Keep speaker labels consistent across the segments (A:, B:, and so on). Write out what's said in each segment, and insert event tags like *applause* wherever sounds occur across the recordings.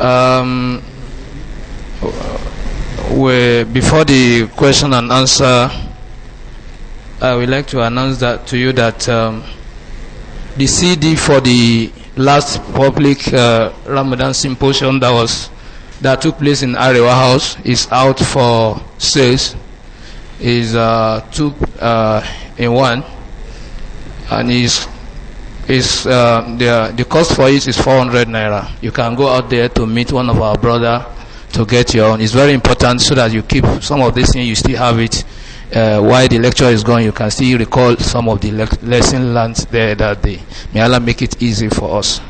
A: Um, we, before the question and answer, I would like to announce that to you that um, the CD for the last public uh, Ramadan symposium that was that took place in Arewa House is out for sales. Is uh, two uh, in one, and is is uh, the, the cost for it is 400 naira. You can go out there to meet one of our brother to get your own. It's very important so that you keep some of these things, you still have it. Uh, while the lecture is going, you can still recall some of the le lesson learned there that day. May Allah make it easy for us.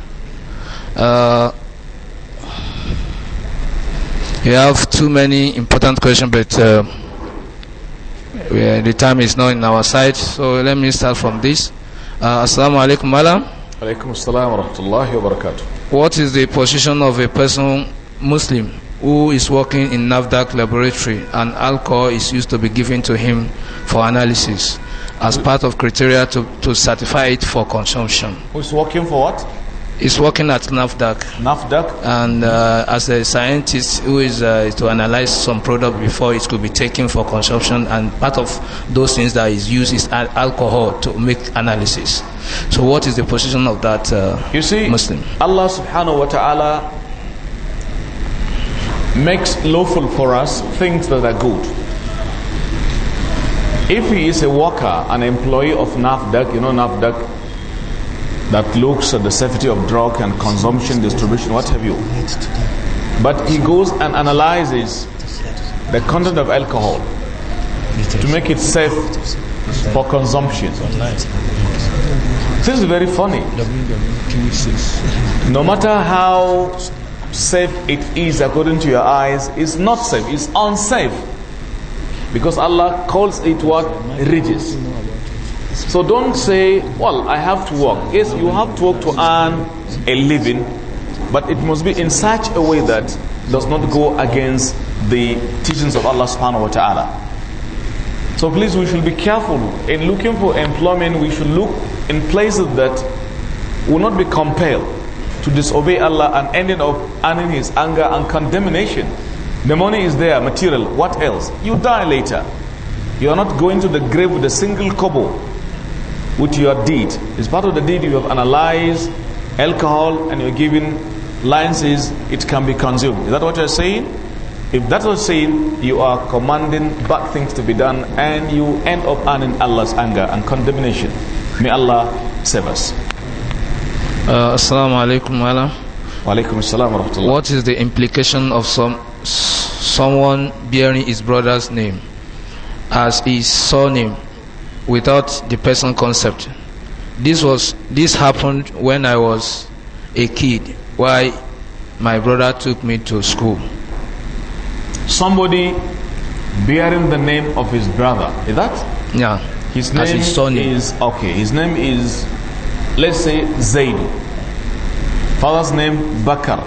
A: Uh, we have too many important questions, but uh, the time is not in our side, so let me start from this. Uh, Assalamu alaikum, Malam.
B: Alaikum assalam wa rahmatullahi wa barakatuh.
A: What is the position of a person, Muslim, who is working in NAVDAC laboratory and alcohol is used to be given to him for analysis as part of criteria to, to certify it for consumption? Who is
B: working for what?
A: is working at NAFDAC. NAFDAC? And uh, as a scientist who is uh, to analyze some product before it could be taken for consumption, and part of those things that is used is al- alcohol to make analysis. So, what is the position of that uh, you see, Muslim?
B: Allah subhanahu wa ta'ala makes lawful for us things that are good. If he is a worker, an employee of NAFDAC, you know, NAFDAC that looks at the safety of drug and consumption, distribution, what have you. But he goes and analyzes the content of alcohol to make it safe for consumption. This is very funny. No matter how safe it is according to your eyes, it's not safe, it's unsafe. Because Allah calls it what? Ridges. So don't say, well, I have to work. Yes, you have to work to earn a living, but it must be in such a way that does not go against the teachings of Allah subhanahu wa ta'ala. So please, we should be careful in looking for employment. We should look in places that will not be compelled to disobey Allah and ending up earning his anger and condemnation. The money is there, material. What else? You die later. You are not going to the grave with a single kobo with your deed. It's part of the deed you have analyzed alcohol and you're given licenses, it can be consumed. Is that what you're saying? If that's what you're saying, you are commanding bad things to be done and you end up earning Allah's anger and condemnation.
A: May Allah save us. Uh, assalamu alaikum wa alaikum assalam What is the implication of some someone bearing his brother's name as his surname without the person concept. This was this happened when I was a kid. Why my brother took me to school. Somebody
B: bearing the name of his brother. Is that? Yeah. His name his is okay. His name is let's say Zaid. Father's name Bakar.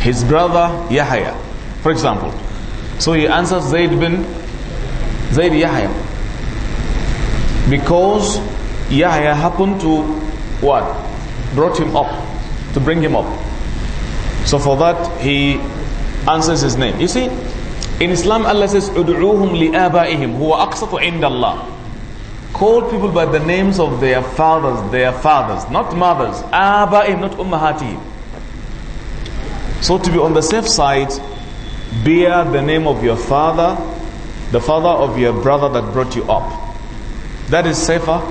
B: His brother Yahya, for example. So he answers Zaid bin Zaid Yahya. Because Yahya happened to what? Brought him up, to bring him up. So for that, he answers his name. You see, in Islam, Allah says, "Udu'uhum li'abaihim huwa aqsatu inda Allah." Call people by the names of their fathers, their fathers, not mothers. Abaim, not ummahati. So to be on the safe side, bear the name of your father, the father of your brother that brought you up. That is safer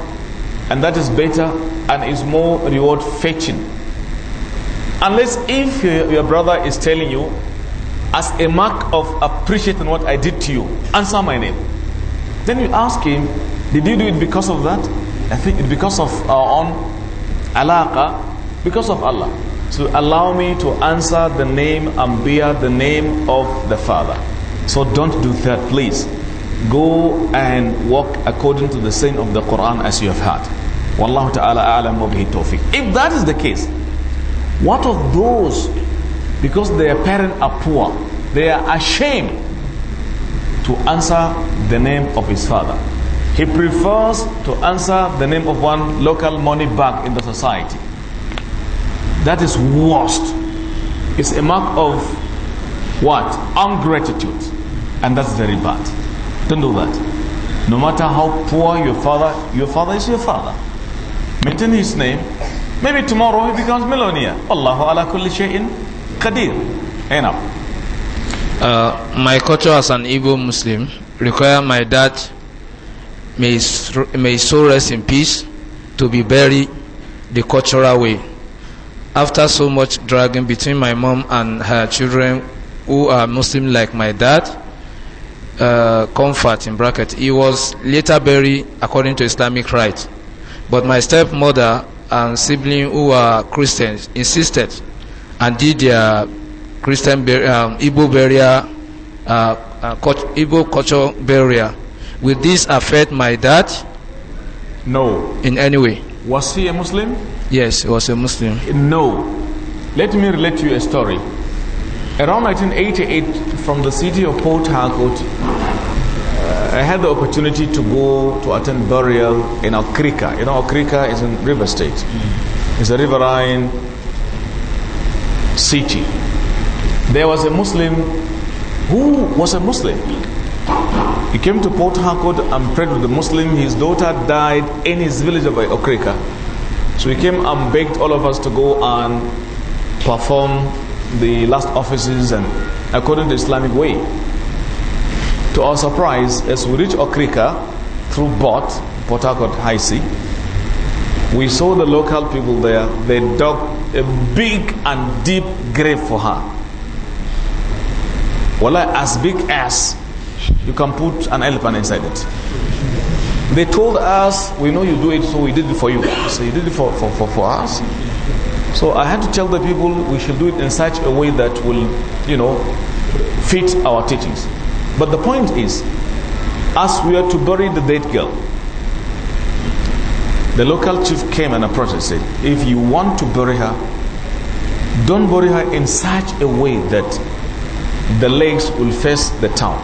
B: and that is better and is more reward fetching. Unless if your brother is telling you, as a mark of appreciating what I did to you, answer my name. Then you ask him, did you do it because of that? I think it's because of our own alaqa, because of Allah. So allow me to answer the name and bear the name of the Father. So don't do that, please go and walk according to the saying of the Quran as you have heard. Wallahu ta'ala a'lam wa bihi tawfiq. If that is the case, what of those because their parents are poor, they are ashamed to answer the name of his father. He prefers to answer the name of one local money bag in the society. That is worst. It's a mark of what? Ungratitude. And that's very bad. Don't do that. No matter how poor your father, your father is your father. Maintain his name. Maybe tomorrow he becomes millionaire. Allahu ala kulli shay'in qadir.
A: Enough. Uh, my culture as an Igbo Muslim require my dad may may soul rest in peace to be buried the cultural way. After so much dragging between my mom and her children who are Muslim like my dad, uh, comfort in bracket. He was later buried according to Islamic rite. But my stepmother and sibling who are Christians insisted and did their Christian um, Igbo burial, uh, uh, culture burial. Will this affect my dad? No. In any way? Was he a Muslim? Yes, he was a Muslim. No. Let me
B: relate you a story. Around 1988, from the city of Port Harcourt, uh, I had the opportunity to go to attend burial in Okrika. You know, Okrika is in River State. It's a riverine city. There was a Muslim who was a Muslim. He came to Port Harcourt and prayed with the Muslim. His daughter died in his village of Okrika. So he came and begged all of us to go and perform the last offices and according to the Islamic way. To our surprise, as we reached Okrika through Bot, Port Harcourt High Sea, we saw the local people there. They dug a big and deep grave for her. Well, as big as you can put an elephant inside it. They told us, we know you do it, so we did it for you. So you did it for, for, for, for us. So I had to tell the people we should do it in such a way that will, you know, fit our teachings. But the point is, as we are to bury the dead girl, the local chief came and approached and said, if you want to bury her, don't bury her in such a way that the legs will face the town.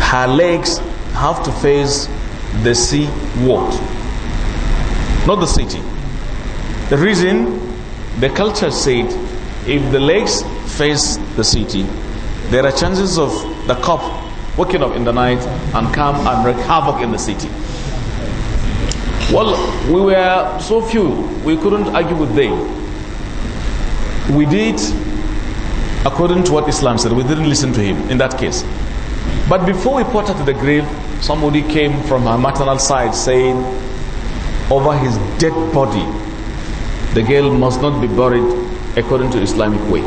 B: Her legs have to face the sea ward, not the city. The reason the culture said if the lakes face the city, there are chances of the cop waking up in the night and come and wreak havoc in the city. Well, we were so few, we couldn't argue with them. We did according to what Islam said. We didn't listen to him in that case. But before we put her to the grave, somebody came from her maternal side saying, over his dead body, the girl must not be buried according to Islamic way.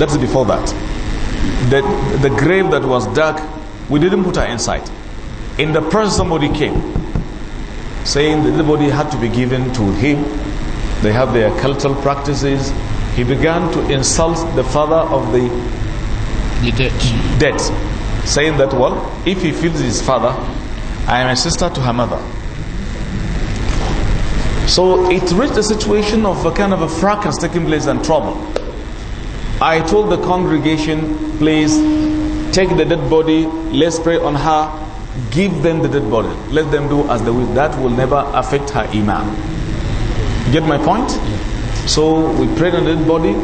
B: That's before that. The, the grave that was dug, we didn't put her inside. In the process, somebody came saying that the body had to be given to him. They have their cultural practices. He began to insult the father of the, the dead. dead, saying that, well, if he feels his father, I am a sister to her mother. So it reached a situation of a kind of a fracas taking place and trouble. I told the congregation, please take the dead body, let's pray on her, give them the dead body, let them do as they will. That will never affect her iman. Get my point? So we prayed on the dead body,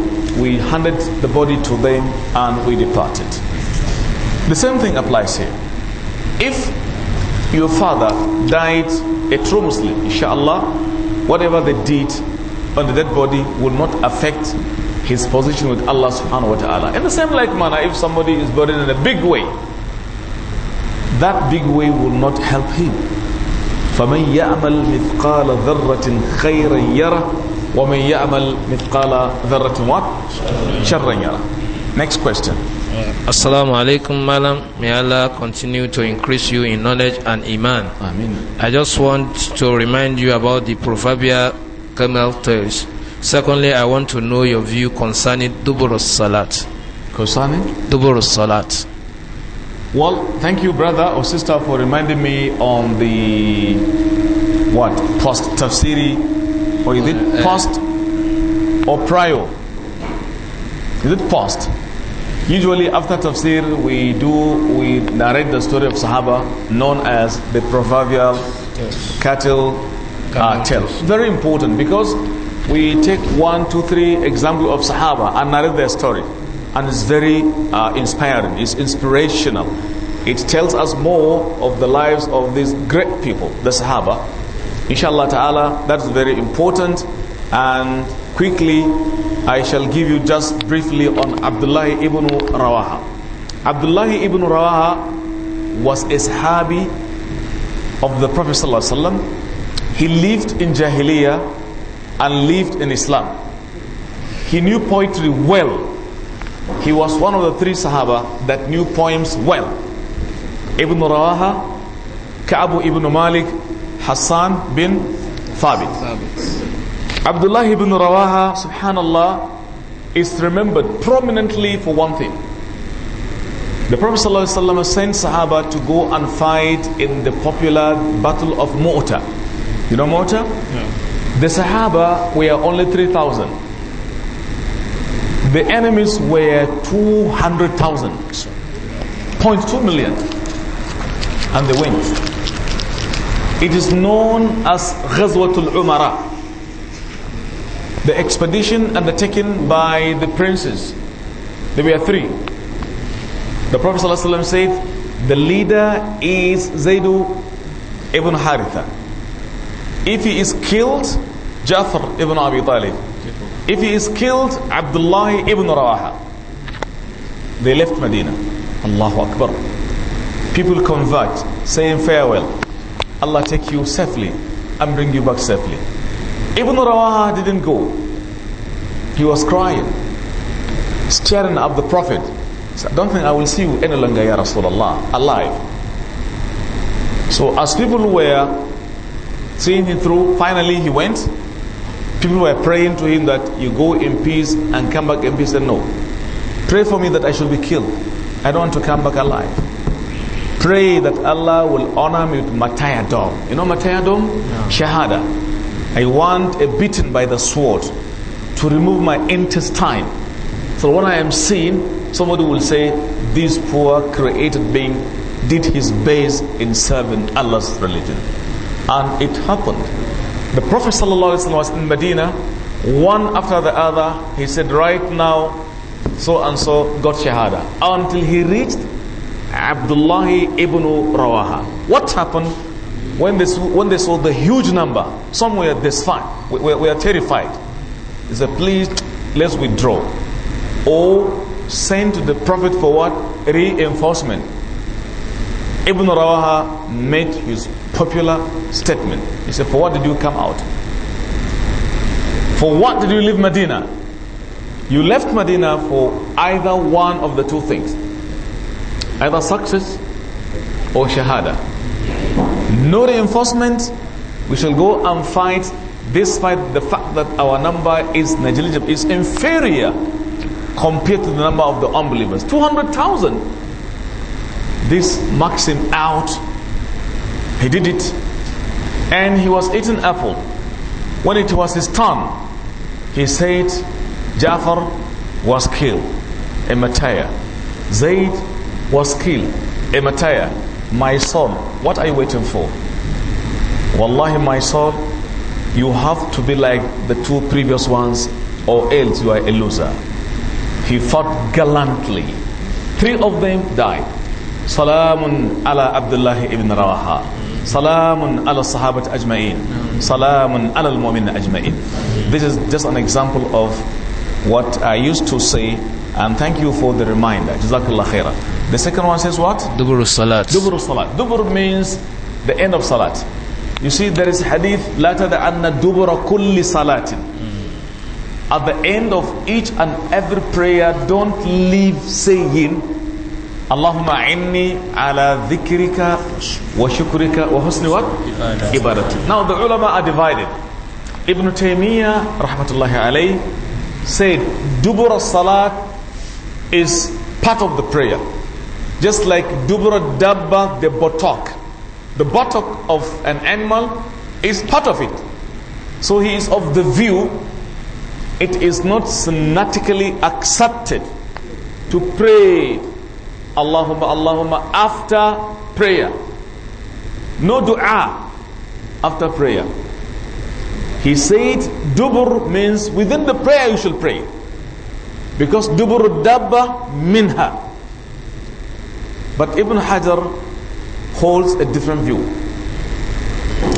B: we handed the body to them, and we departed. The same thing applies here. If your father died a true Muslim, inshallah, whatever they did on the dead body will not affect his position with Allah subhanahu wa ta'ala. In the same like manner, if somebody is buried in a big way, that big way will not help him. فَمَنْ يَعْمَلْ مِثْقَالَ ذَرَّةٍ خَيْرًا يَرَهُ وَمَنْ يَعْمَلْ مِثْقَالَ ذَرَّةٍ what? شَرًّا يَرَهُ Next question.
A: Uh, Assalamu alaikum, madam. May Allah continue to increase you in knowledge and iman. Amen. I just want to remind you about the proverbial camel tails. Secondly, I want to know your view concerning Dubur Salat. Concerning? Dubur Salat.
B: Well, thank you, brother or sister, for reminding me on the what post tafsiri, or is it uh, uh, post or prior? Is it post? Usually after tafsir, we do, we narrate the story of Sahaba known as the proverbial yes. cattle uh, tale. Very important because we take one, two, three example of Sahaba and narrate their story. And it's very uh, inspiring. It's inspirational. It tells us more of the lives of these great people, the Sahaba. Inshallah ta'ala, that's very important. And Quickly, I shall give you just briefly on Abdullah ibn Rawaha. Abdullah ibn Rawaha was a Sahabi of the Prophet ﷺ. He lived in Jahiliyyah and lived in Islam. He knew poetry well. He was one of the three Sahaba that knew poems well. Ibn Rawaha, Ka'b ibn Malik, Hassan bin Thabit. Abdullah ibn Rawaha, subhanallah, is remembered prominently for one thing. The Prophet ﷺ sent Sahaba to go and fight in the popular battle of Mu'ta. You know Mu'ta? Yeah. The Sahaba were only 3,000. The enemies were 200,000. 0.2 million. And they went. It is known as Ghazwatul Umara the expedition undertaken by the princes. There were three. The Prophet ﷺ said, the leader is Zaidu ibn Haritha. If he is killed, Jafar ibn Abi Talib. If he is killed, Abdullah ibn Rawaha. They left Medina. Allahu Akbar. People convert, saying farewell. Allah take you safely and bring you back safely. Ibn Rawah didn't go. He was crying, staring at the Prophet. He said, Don't think I will see you any longer, Ya Rasulullah, alive. So as people were seeing him through, finally he went. People were praying to him that you go in peace and come back in peace. And no, pray for me that I should be killed. I don't want to come back alive. Pray that Allah will honor me with matayadom. You know matayadom? Yeah. Shahada I want a beaten by the sword to remove my intestine. So when I am seen, somebody will say, this poor created being did his best in serving Allah's religion. And it happened. The Prophet ﷺ was in Medina, one after the other. He said, right now, so and so got Shahada. Until he reached Abdullah ibn Rawaha. What happened? When they, when they saw the huge number, some were disfied, we, we, we are terrified. They said, please, let's withdraw. Or send to the Prophet for what? Reinforcement. Ibn Rawaha made his popular statement. He said, for what did you come out? For what did you leave Medina? You left Medina for either one of the two things. Either success or shahada no reinforcement, we shall go and fight despite the fact that our number is negligible, is inferior compared to the number of the unbelievers. 200,000. This marks him out. He did it. And he was eating apple. When it was his turn, he said, Jafar was killed in Zaid was killed in My son what are you waiting for? Wallahi, my soul, you have to be like the two previous ones or else you are a loser. He fought gallantly. Three of them died. Salamun ala Abdullah ibn Rawaha. Salamun ala Sahabat ajma'in. Salamun ala al-mu'min ajma'in. This is just an example of what I used to say and thank you for the reminder. Jazakallah khairan. The second one says what? Dubur salat. Dubur salat. Dubur means the end of salat. You see, there is hadith, that anna dubur kulli salatin. At the end of each and every prayer, don't leave saying, ala إني wa shukrika wa husni what? Ibadat. Now the ulama are divided. Ibn Taymiyyah, rahmatullahi alayhi, said, "Dubur salat is part of the prayer. Just like dubra dabba, the buttock. The buttock of an animal is part of it. So he is of the view it is not synaptically accepted to pray Allahumma Allahumma after prayer. No dua after prayer. He said dubur means within the prayer you shall pray. Because dubur dabba minha. But Ibn Hajar holds a different view.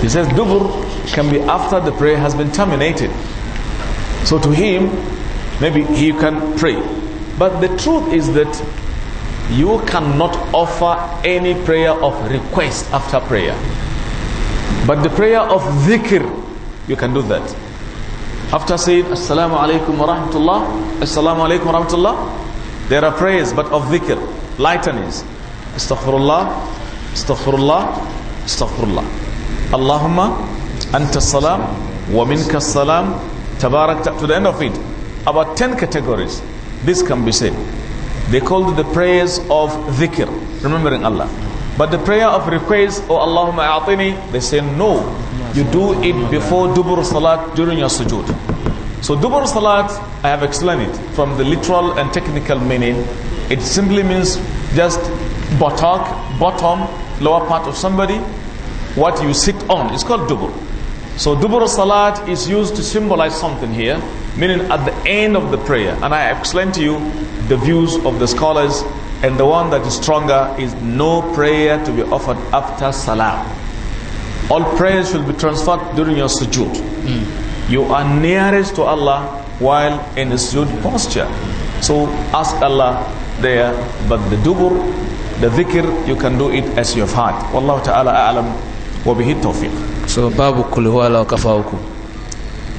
B: He says Dubur can be after the prayer has been terminated. So to him, maybe he can pray. But the truth is that you cannot offer any prayer of request after prayer. But the prayer of dhikr, you can do that. After saying Assalamu alaikum wa rahmatullah, Assalamu alaikum wa rahmatullah, there are prayers but of dhikr, lightenings. Astaghfirullah, astaghfirullah, astaghfirullah. Allahumma anta salam wa minka salam tabarak to the end of it. About 10 categories. This can be said. They called the prayers of dhikr, remembering Allah. But the prayer of request, or oh, Allahumma they say no. You do it before dubur salat during your sujood. So dubur salat, I have explained it from the literal and technical meaning. It simply means just buttock, bottom, lower part of somebody, what you sit on. It's called dubur. So dubur salat is used to symbolize something here, meaning at the end of the prayer. And I explain to you the views of the scholars, and the one that is stronger is no prayer to be offered after salam. All prayers will be transferred during your sujood. Mm. You are nearest to Allah while in a sujood posture. So ask Allah there, but the dubur the dhikr, you can do it as you've heard. Wallahu ta'ala a'lam
A: wa bihi tawfiq. So, babu kul huwa la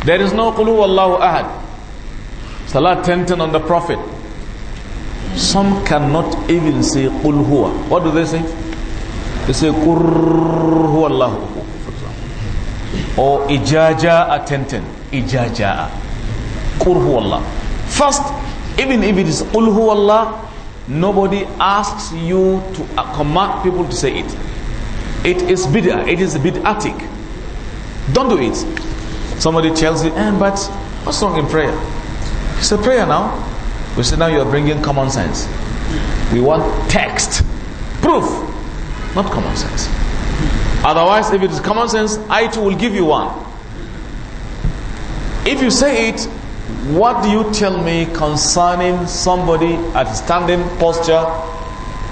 B: There is no kul huwa ahad. Salat tenten on the Prophet. Some cannot even say kul huwa. What do they say? They say kur huwa Allahu. Or ijaja 10, Ijaja Ijaja'a. Kur huwa Allah. First, even if it is kul Allah, Nobody asks you to uh, command people to say it. It is bid'ah. It is bid'atic. Don't do it. Somebody tells you, eh, but what's wrong in prayer? It's a prayer now. We say now you are bringing common sense. We want text, proof, not common sense. Otherwise, if it is common sense, I too will give you one. If you say it, what do you tell me concerning somebody at standing posture?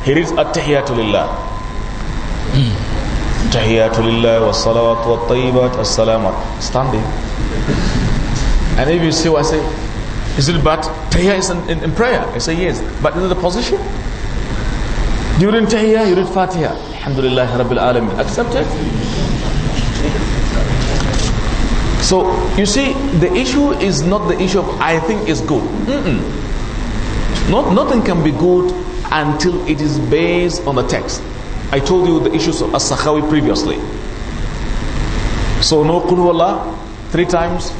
B: He reads At-Tahiyatulillah. At-Tahiyatulillah hmm. wa salawat wa tayyibat as Standing. And if you see what I say, is it but Tahiyah is in, in, in prayer. I say yes. But is it the position? During Tahiyah, you read Fatiha. Alhamdulillah Rabbil Alameen. Accepted? So you see, the issue is not the issue of I think is good. Mm -mm. Not, nothing can be good until it is based on the text. I told you the issues of As-Sakhawi previously. So no Qul three times,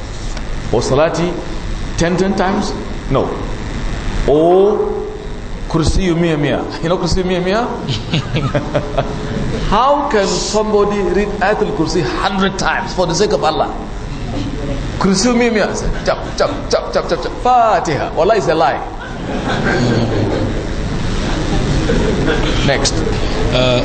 B: or Salati ten, ten times, no. Or Kursiyu Miya *laughs* You know Kursiyu Miya *laughs* How can somebody read Ayatul Kursi hundred times for the sake of Allah? Kursumimia. I said, chop, chop, chop, chop, chop, Fatiha. Allah is a lie. Next.
A: Uh,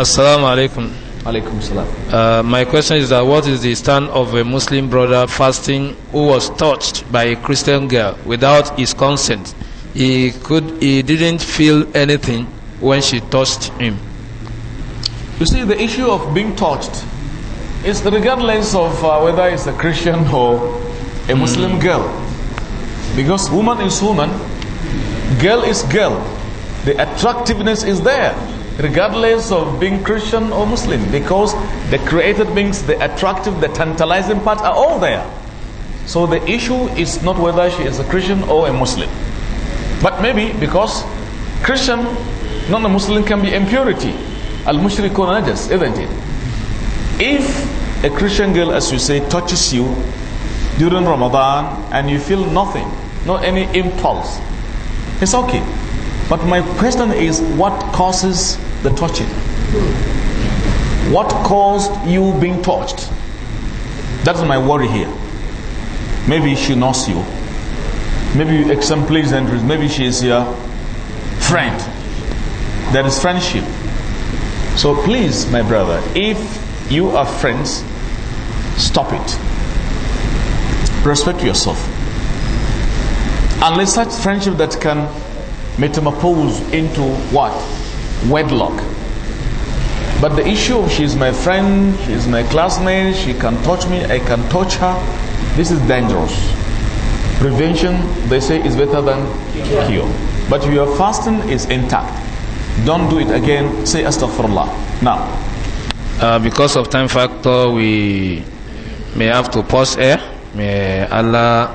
A: assalamu alaikum. Alaikum salam. Uh, my question is that what is the stand of a Muslim brother fasting who was touched by a Christian girl without his consent? He could, he didn't feel anything when she touched him.
B: You see, the issue of being touched it's regardless of uh, whether it's a Christian or a Muslim hmm. girl. Because woman is woman, girl is girl. The attractiveness is there, regardless of being Christian or Muslim. Because the created beings, the attractive, the tantalizing part are all there. So the issue is not whether she is a Christian or a Muslim. But maybe because Christian, non-Muslim can be impurity. Al-mushrikun najas, isn't it? If a Christian girl, as you say, touches you during Ramadan and you feel nothing, not any impulse, it's okay. But my question is what causes the touching? What caused you being touched? That's my worry here. Maybe she knows you. Maybe you exemplify entries. Maybe she is your friend. There is friendship. So please, my brother, if you are friends stop it respect yourself unless such friendship that can metamorphose into what wedlock but the issue of she's my friend she's my classmate she can touch me i can touch her this is dangerous prevention they say is better than cure but your fasting is
A: intact don't do it again say astaghfirullah now uh, because of time factor, we may have to pause here. May Allah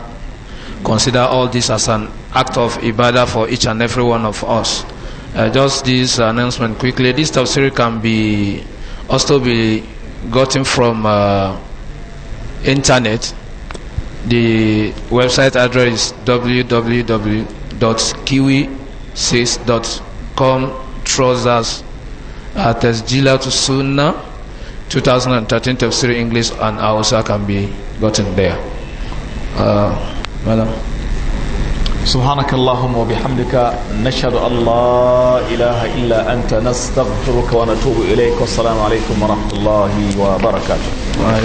A: consider all this as an act of ibadah for each and every one of us. Uh, just this announcement quickly. This tafsir can be also be gotten from uh, internet. The website address is www.kiwi6.com trousers at Sunnah 2013 tafsir English and Hausa can be gotten there. Uh, madam. سبحانك اللهم وبحمدك نشهد أن لا
B: إله نستغفرك ونتوب والسلام عليكم الله وبركاته